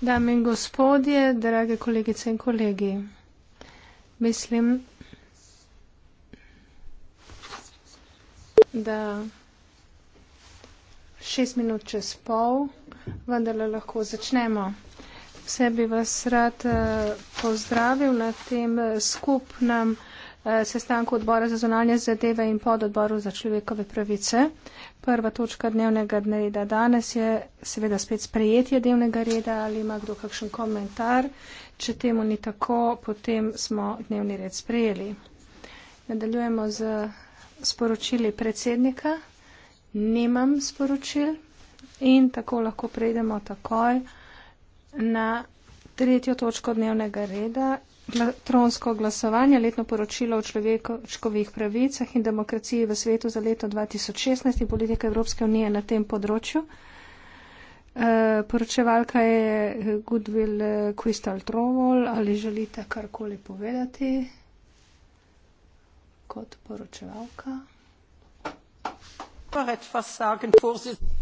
Dame in gospodje, drage kolegice in kolegi, mislim, da šest minut čez pol, vendar lahko začnemo. Vse bi vas rad eh, pozdravil na tem skupnem. Eh, sestanku odbora za zunanje zadeve in pod odboru za človekove pravice. Prva točka dnevnega reda danes je seveda spet sprejetje dnevnega reda ali ima kdo kakšen komentar. Če temu ni tako, potem smo dnevni red sprejeli. Nadaljujemo z sporočili predsednika. Nimam sporočil in tako lahko prejdemo takoj na. Tretjo točko dnevnega reda elektronsko glasovanje, letno poročilo o človekovih pravicah in demokraciji v svetu za leto 2016 in politika Evropske unije na tem področju. Eh, poročevalka je Goodwill eh, Crystal Trovol. Ali želite karkoli povedati kot poročevalka? Pa rečem, vas sagen, pozitivno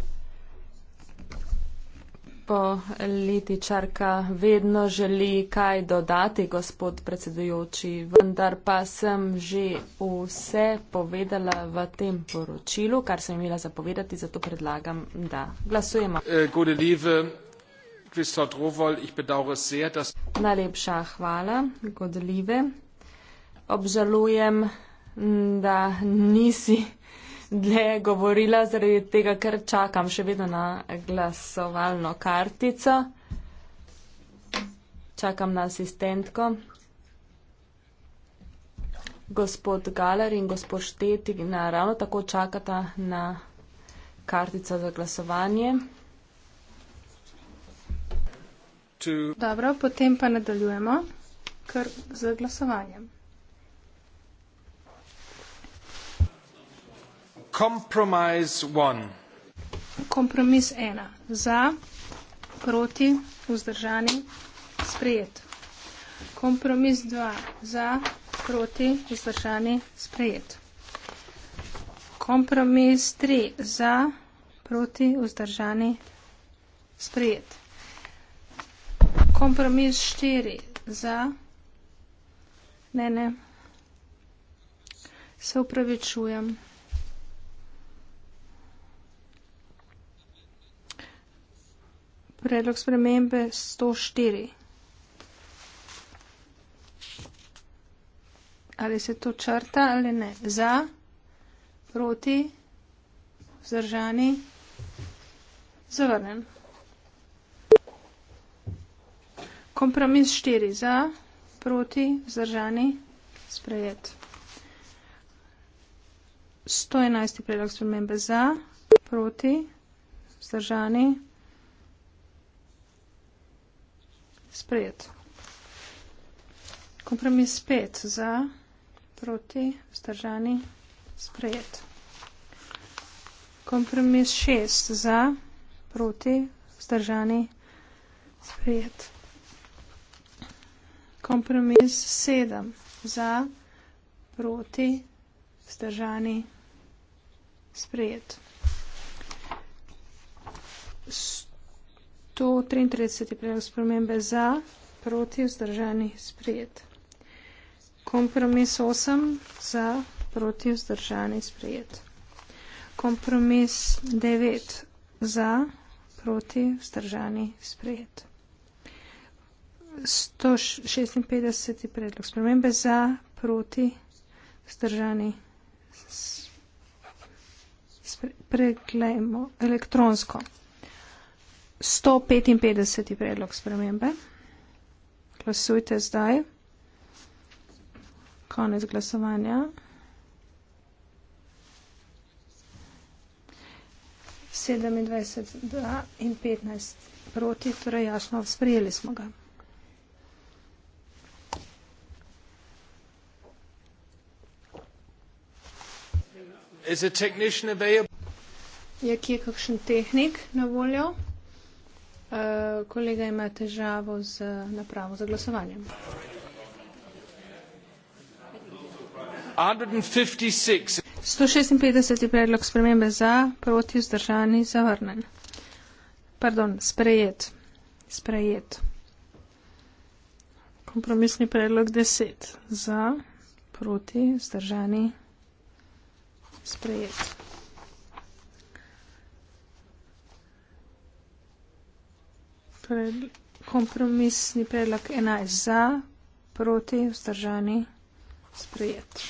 lepo. Liti Čarka vedno želi kaj dodati, gospod predsedujoči, vendar pa sem že vse povedala v tem poročilu, kar sem imela zapovedati, zato predlagam, da glasujemo. Eh, Najlepša hvala, godljive. Obžalujem, da nisi dlje govorila, zaradi tega, ker čakam še vedno na glasovalno kartico. Čakam na asistentko. Gospod Galer in gospod Štetik naravno tako čakata na kartico za glasovanje. Dobro, potem pa nadaljujemo kar z glasovanjem. Compromise one. Kompromis ena. Za, proti, vzdržani, sprejet. Kompromis dva. Za, proti, vzdržani, sprejet. Kompromis tri. Za, proti, vzdržani, sprejet. Kompromis štiri. Za, ne, ne. Se upravičujem. predlog spremembe 104. Ali se to črta ali ne? Za, proti, vzdržani, zavrnen. Kompromis 4. Za, proti, vzdržani, sprejet. 111. predlog spremembe za, proti, vzdržani, sprejet. sprejet. Kompromis pet za, proti, vzdržani, sprejet. Kompromis šest za, proti, vzdržani, sprejet. Kompromis sedem za, proti, vzdržani, sprejet. 133 je predlog spremembe za, proti vzdržani sprejet. Kompromis 8 za, proti vzdržani sprejet. Kompromis 9 za, proti vzdržani sprejet. 156 je predlog spremembe za, proti vzdržani sprejet. Preglejmo elektronsko. 155. predlog spremembe. Glasujte zdaj. Konec glasovanja. sedemindvajset dva in petnajst proti, torej jasno sprejeli smo ga. Je kje kakšen tehnik na voljo? Eh, kolega ima težavo z napravo za glasovanje. 156 je predlog spremembe za, proti vzdržani zavrnen. Pardon, sprejet. Sprejet. Kompromisni predlog 10 za, proti vzdržani sprejet. kompromisni predlog 11 za, proti, vzdržani, sprejet.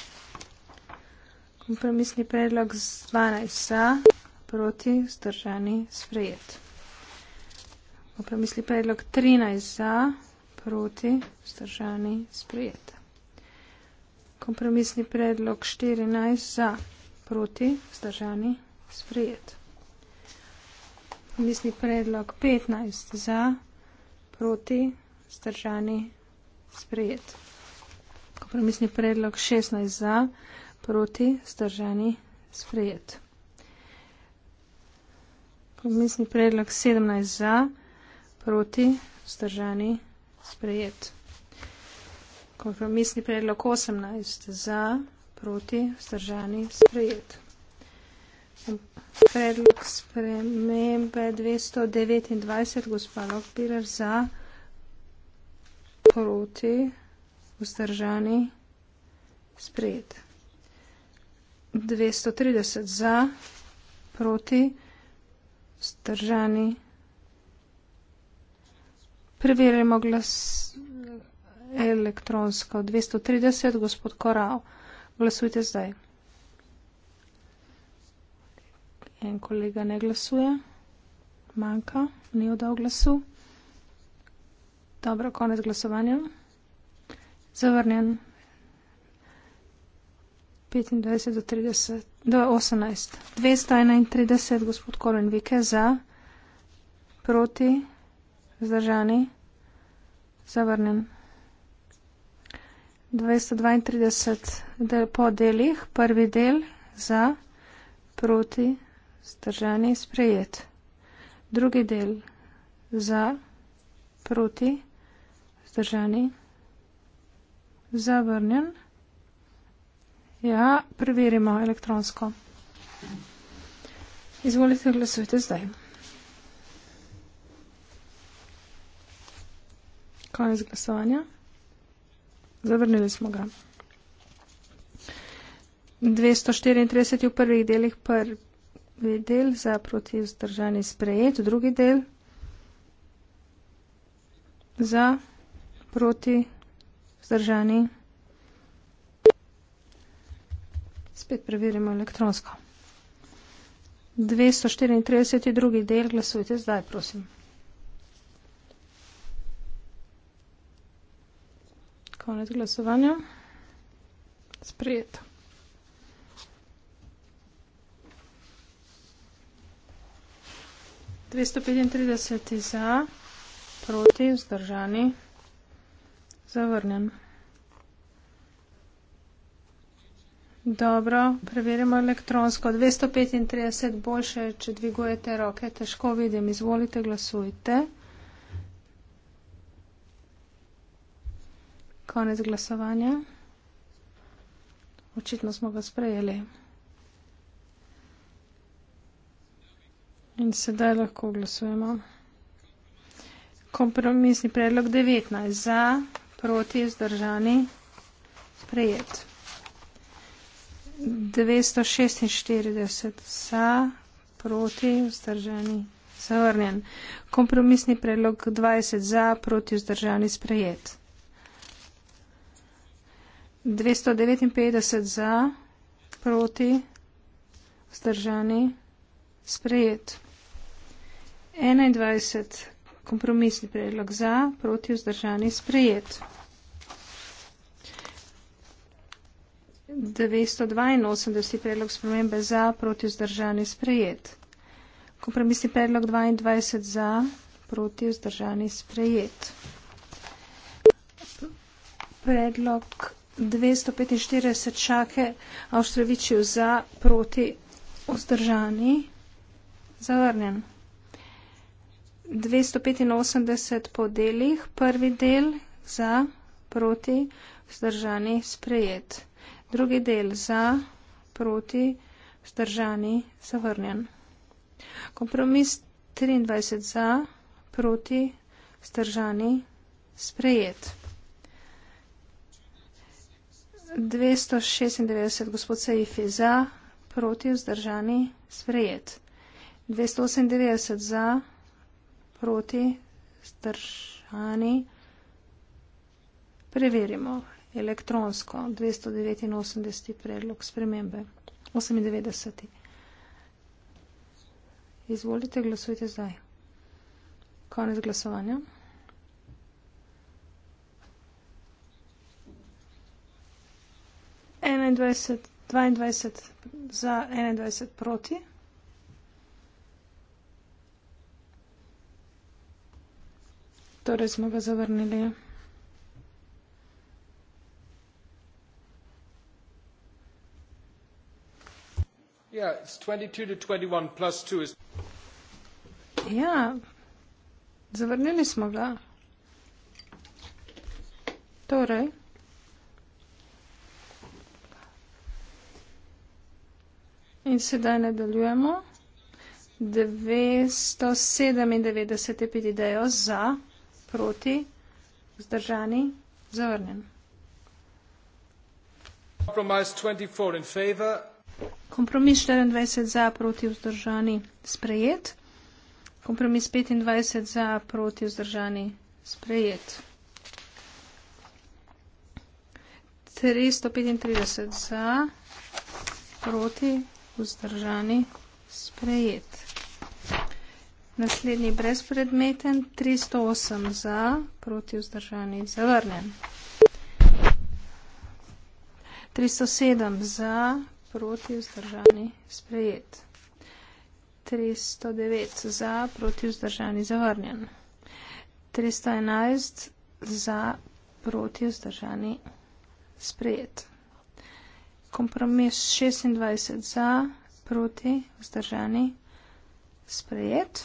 Kompromisni predlog 12 za, proti, vzdržani, sprejet. Kompromisni predlog 13 za, proti, vzdržani, sprejet. Kompromisni predlog 14 za, proti, vzdržani, sprejet misli predlog 15 za, proti, zdržani, sprejet. Kompromisni predlog 16 za, proti, zdržani, sprejet. Kompromisni predlog 17 za, proti, zdržani, sprejet. Kompromisni predlog 18 za, proti, zdržani, sprejet predlog spremembe 229, gospa Lokbiler, za proti vzdržani sprejet. 230 za proti vzdržani. Preverimo glas elektronsko. 230, gospod Korav, glasujte zdaj. En kolega ne glasuje, manjka, ni oddal glasu. Dobro, konec glasovanja. Zavrnjen. 25 do 30, do 18. 231, gospod Koren Vike, za, proti, zdržani, zavrnjen. 232 del, po delih, prvi del, za, proti, zdržani. Zdržanje je sprejet. Drugi del za, proti, zdržanje, zavrnjen. Ja, preverimo elektronsko. Izvolite, glasujte zdaj. Konec glasovanja. Zavrnili smo ga. 234 je v prvih delih prvi prvi del za proti vzdržani sprejet, drugi del za proti vzdržani. Spet preverimo elektronsko. 234. drugi del, glasujte zdaj, prosim. Konec glasovanja. Sprijeto. 235 za, proti, vzdržani, zavrnjen. Dobro, preverimo elektronsko. 235 boljše, če dvigujete roke, težko vidim. Izvolite, glasujte. Konec glasovanja. Očitno smo ga sprejeli. In sedaj lahko glasujemo. Kompromisni predlog 19 za, proti, zdržani, sprejet. 946 za, proti, zdržani, zavrnjen. Kompromisni predlog 20 za, proti, zdržani, sprejet. 259 za, proti, zdržani, sprejet. 21. Kompromisni predlog za, proti vzdržani sprejet. 282. Predlog spremembe za, proti vzdržani sprejet. Kompromisni predlog 22 za, proti vzdržani sprejet. Predlog 245 čake Avštrevičev za, proti vzdržani, zavrnjen. 285 podelih, prvi del za proti vzdržani sprejet, drugi del za proti vzdržani zavrnjen. Kompromis 23 za proti vzdržani sprejet. 296 gospod Seifi za proti vzdržani sprejet. 298 za proti stršani. Preverimo elektronsko 289. predlog spremembe 98. Izvolite, glasujte zdaj. Konec glasovanja. 21, 22 za 21 proti. torej smo ga zavrnili. Ja, zavrnili smo ga. Torej. In sedaj nadaljujemo. 997 je pidejo za proti, vzdržani, zavrnjen. Kompromis 24 za proti vzdržani sprejet. Kompromis 25 za proti vzdržani sprejet. 335 za proti vzdržani sprejet. Naslednji brezpredmeten, 308 za, proti vzdržani, zavrnjen. 307 za, proti vzdržani, sprejet. 309 za, proti vzdržani, zavrnjen. 311 za, proti vzdržani, sprejet. Kompromis 26 za, proti vzdržani, zavrnjen sprejet.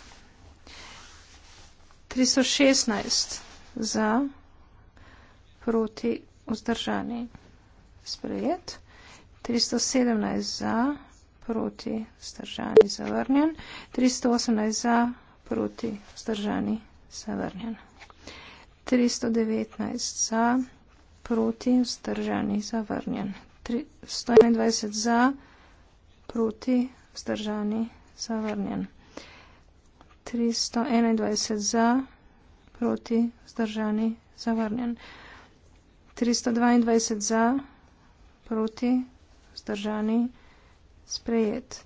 316 za proti vzdržani sprejet. 317 za proti vzdržani zavrnjen. 318 za proti vzdržani zavrnjen. 319 za proti vzdržani zavrnjen. 321 za proti vzdržani zavrnjen. 321 za, proti, zdržani, zavrnjen. 322 za, proti, zdržani, sprejet.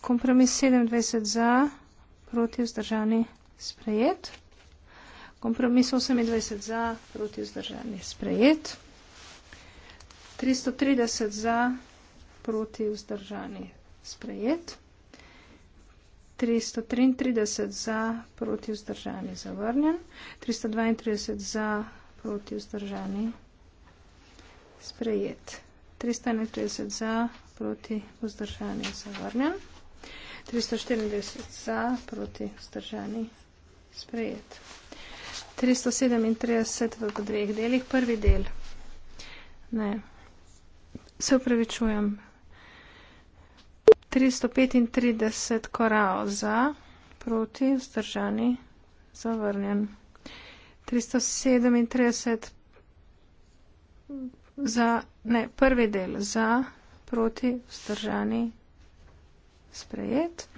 Kompromis 27 za, proti, zdržani, sprejet. Kompromis 28 za, proti, zdržani, sprejet. 330 za, proti, zdržani, sprejet. 333 za, proti vzdržani, zavrnjen. 332 za, proti vzdržani, sprejet. 331 za, proti vzdržani, zavrnjen. 394 za, proti vzdržani, sprejet. 337 v dveh delih, prvi del. Ne, se upravičujem. 335 korav za, proti, vzdržani, zavrnjen. 337 za, ne, prvi del za, proti, vzdržani, sprejet.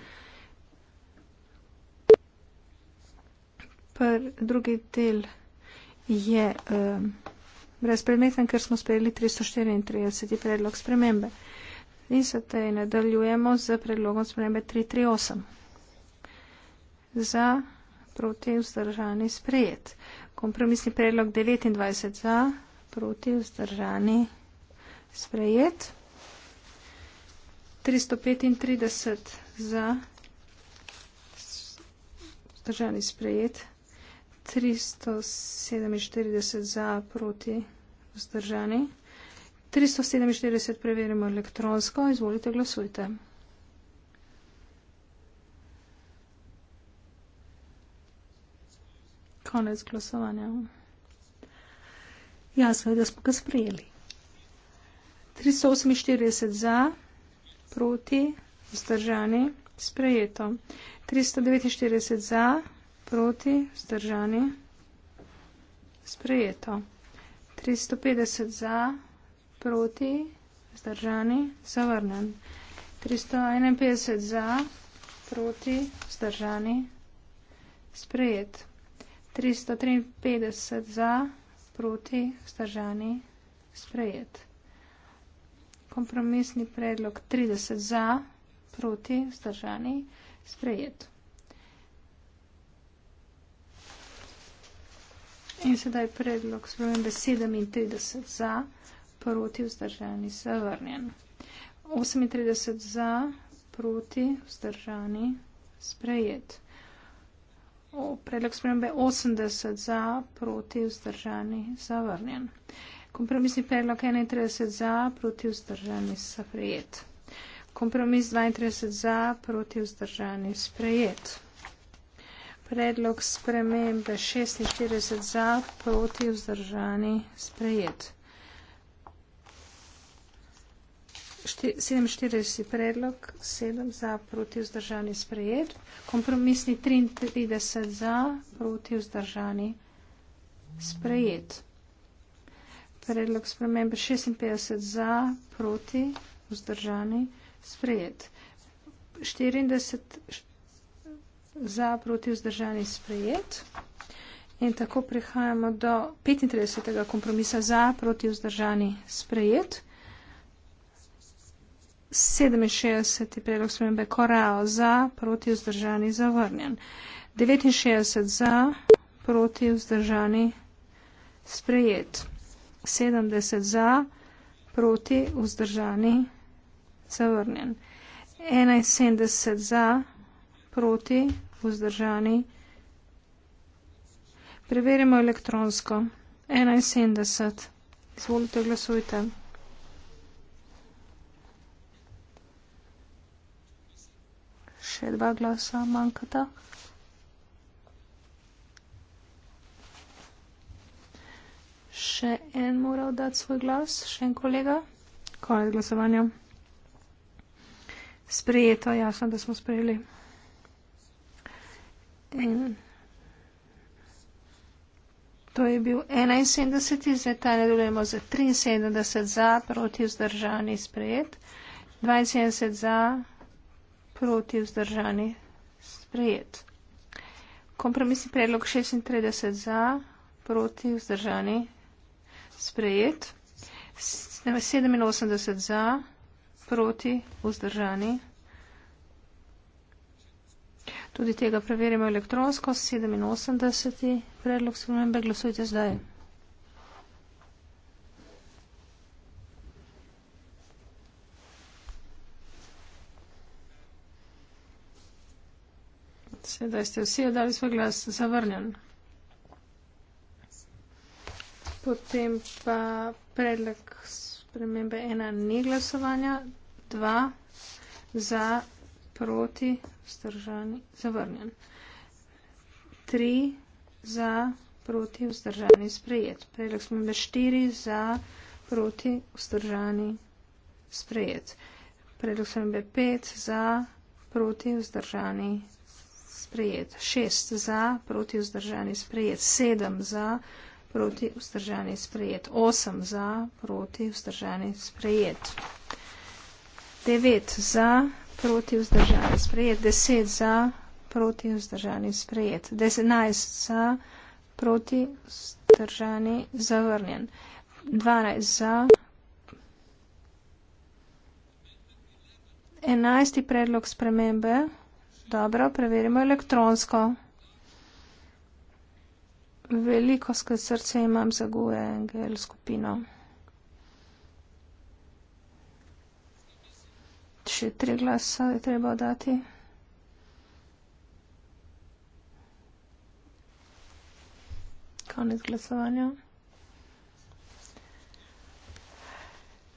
Pr, drugi del je um, brezpredmeten, ker smo sprejeli 334 predlog spremembe. In sedaj nadaljujemo z predlogom spremembe 338. Za, proti, vzdržani, sprejet. Kompromisni predlog 29 za, proti, vzdržani, sprejet. 335 za, vzdržani, sprejet. 347 za, proti, vzdržani, sprejet. 347 preverimo elektronsko, izvolite glasujte. Konec glasovanja. Ja, seveda smo ga sprejeli. 348 za, proti, vzdržani, sprejeto. 349 za, proti, vzdržani, sprejeto. 350 za, proti, vzdržani, zavrnen. 351 za, proti, vzdržani, sprejet. 353 za, proti, vzdržani, sprejet. Kompromisni predlog 30 za, proti, vzdržani, sprejet. In sedaj predlog spremembe 37 za, proti vzdržani zavrnjen. 38 za, proti vzdržani sprejet. O, predlog spremembe 80 za, proti vzdržani zavrnjen. Kompromisni predlog 31 za, proti vzdržani sprejet. Kompromis 32 za, proti vzdržani sprejet. Predlog spremembe 46 za, proti vzdržani sprejet. 47 predlog, 7 za, proti vzdržani sprejet. Kompromisni 33 za, proti vzdržani sprejet. Predlog spremembe 56 za, proti vzdržani sprejet. 40 za, proti vzdržani sprejet. In tako prihajamo do 35. kompromisa za, proti vzdržani sprejet. 67 je predlog spremembe Korao za, proti vzdržani zavrnjen. 69 za, proti vzdržani sprejet. 70 za, proti vzdržani zavrnjen. 71 za, proti vzdržani. Preverimo elektronsko. 71. Izvolite, glasujte. še dva glasa manjkata. Še en moral dati svoj glas, še en kolega. Konec glasovanja. Sprijeto, jasno, da smo sprejeli. In to je bil 71, zdaj ta ne delujemo za 73 za, proti vzdržani sprejet, 72 za proti vzdržani sprejet. Kompromisni predlog 36 za, proti vzdržani sprejet. 87 za, proti vzdržani. Tudi tega preverimo elektronsko, 87. predlog spremembe glasujte zdaj. Sedaj ste vsi dali svoj glas zavrnjen. Potem pa predlog spremembe ena ni glasovanja, dva za, proti, vzdržani, zavrnjen. Tri za, proti, vzdržani, sprejet. Predlog spremembe štiri za, proti, vzdržani, sprejet. Predlog spremembe pet za, proti, vzdržani, sprejet sprejet, šest za, proti vzdržani sprejet, sedem za, proti vzdržani sprejet, osem za, proti vzdržani sprejet, devet za, proti vzdržani sprejet, deset za, proti vzdržani sprejet, desetnajst za, proti vzdržani zavrnjen, dvanajst za. 11. predlog spremembe Dobro, preverimo elektronsko. Veliko skozi srce imam za guje NGL skupino. Še tri glasa je treba dati. Konec glasovanja.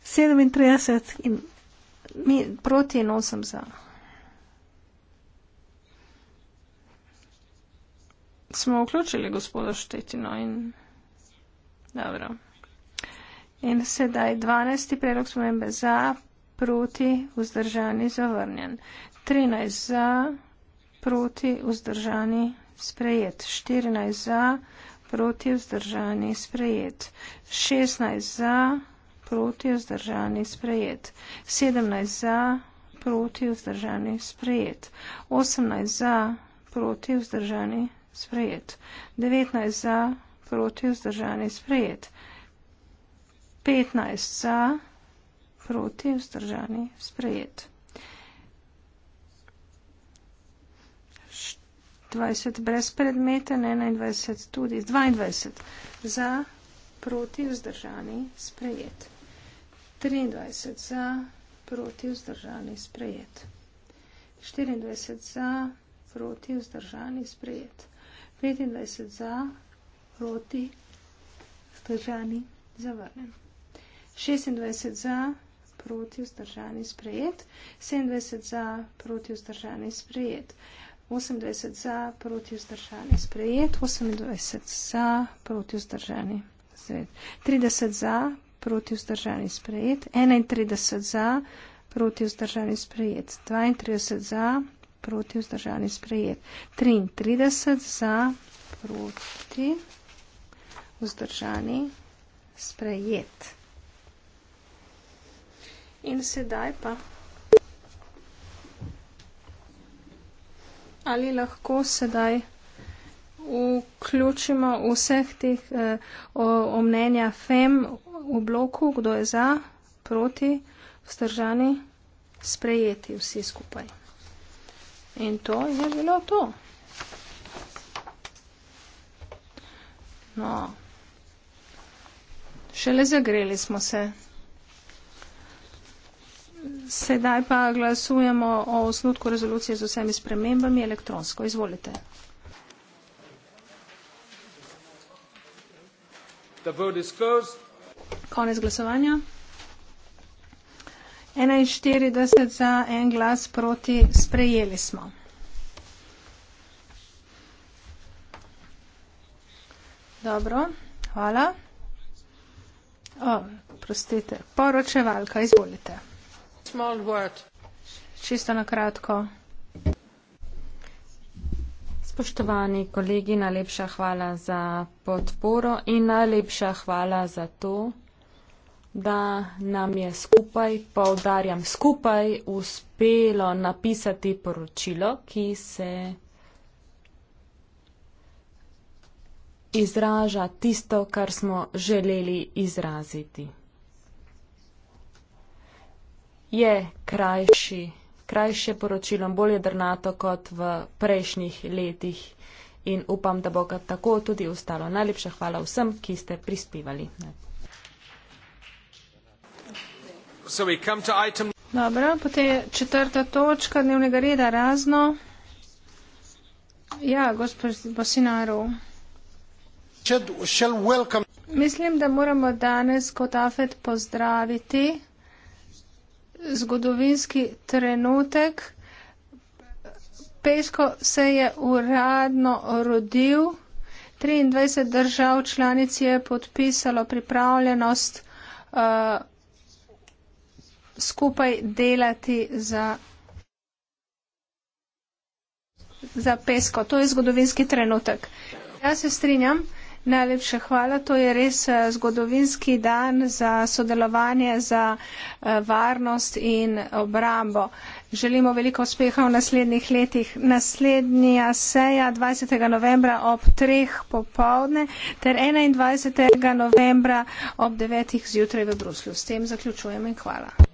37 in, proti in 8 za. smo vključili gospoda Štetino in dobro. In sedaj 12. predlog spomembe za, proti, vzdržani, zavrnjen. 13 za, proti, vzdržani, sprejet. 14 za, proti, vzdržani, sprejet. 16 za, proti, vzdržani, sprejet. 17 za, proti, vzdržani, sprejet. 18 za, proti, vzdržani, sprejet sprejet. 19 za, proti vzdržani sprejet. 15 za, proti vzdržani sprejet. 20 brez predmete, 21 tudi, 22 za, proti vzdržani sprejet. 23 za, proti vzdržani sprejet. 24 za, proti vzdržani sprejet. 25 za, proti, vzdržani, zavrnjen. 26 za, proti, vzdržani, sprejet. 27 za, proti, vzdržani, sprejet. 28 za, proti, vzdržani, sprejet. 28 za, proti, vzdržani, sprejet. 30 za, proti, vzdržani, sprejet. 31 za, proti, vzdržani, sprejet. 32 za, proti, vzdržani, sprejet proti vzdržani sprejet. 33 za proti vzdržani sprejet. In sedaj pa. Ali lahko sedaj vključimo vseh teh eh, omnenja FEM v bloku, kdo je za, proti, vzdržani, sprejeti vsi skupaj. In to je bilo to. No, šele zagreli smo se. Sedaj pa glasujemo o osnutku rezolucije z vsemi spremembami elektronsko. Izvolite. Konec glasovanja. 41 za en glas proti sprejeli smo. Dobro, hvala. O, prostite, poročevalka, izvolite. Small word. Čisto na kratko. Spoštovani kolegi, najlepša hvala za podporo in najlepša hvala za to, da nam je skupaj, povdarjam skupaj, uspelo napisati poročilo, ki se izraža tisto, kar smo želeli izraziti. Je krajši, krajše poročilo, bolj drnato kot v prejšnjih letih in upam, da bo ga tako tudi ostalo. Najlepša hvala vsem, ki ste prispevali. So we come to item... Dobro, potem je četrta točka dnevnega reda razno. Ja, gospod Bosinaru. Welcome... Mislim, da moramo danes kot afet pozdraviti zgodovinski trenutek. Pesko se je uradno rodil. 23 držav članic je podpisalo pripravljenost. Uh, skupaj delati za, za pesko. To je zgodovinski trenutek. Ja se strinjam. Najlepša hvala. To je res eh, zgodovinski dan za sodelovanje, za eh, varnost in obrambo. Želimo veliko uspeha v naslednjih letih. Naslednja seja 20. novembra ob 3. popovdne ter 21. novembra ob 9. zjutraj v Bruslju. S tem zaključujem in hvala.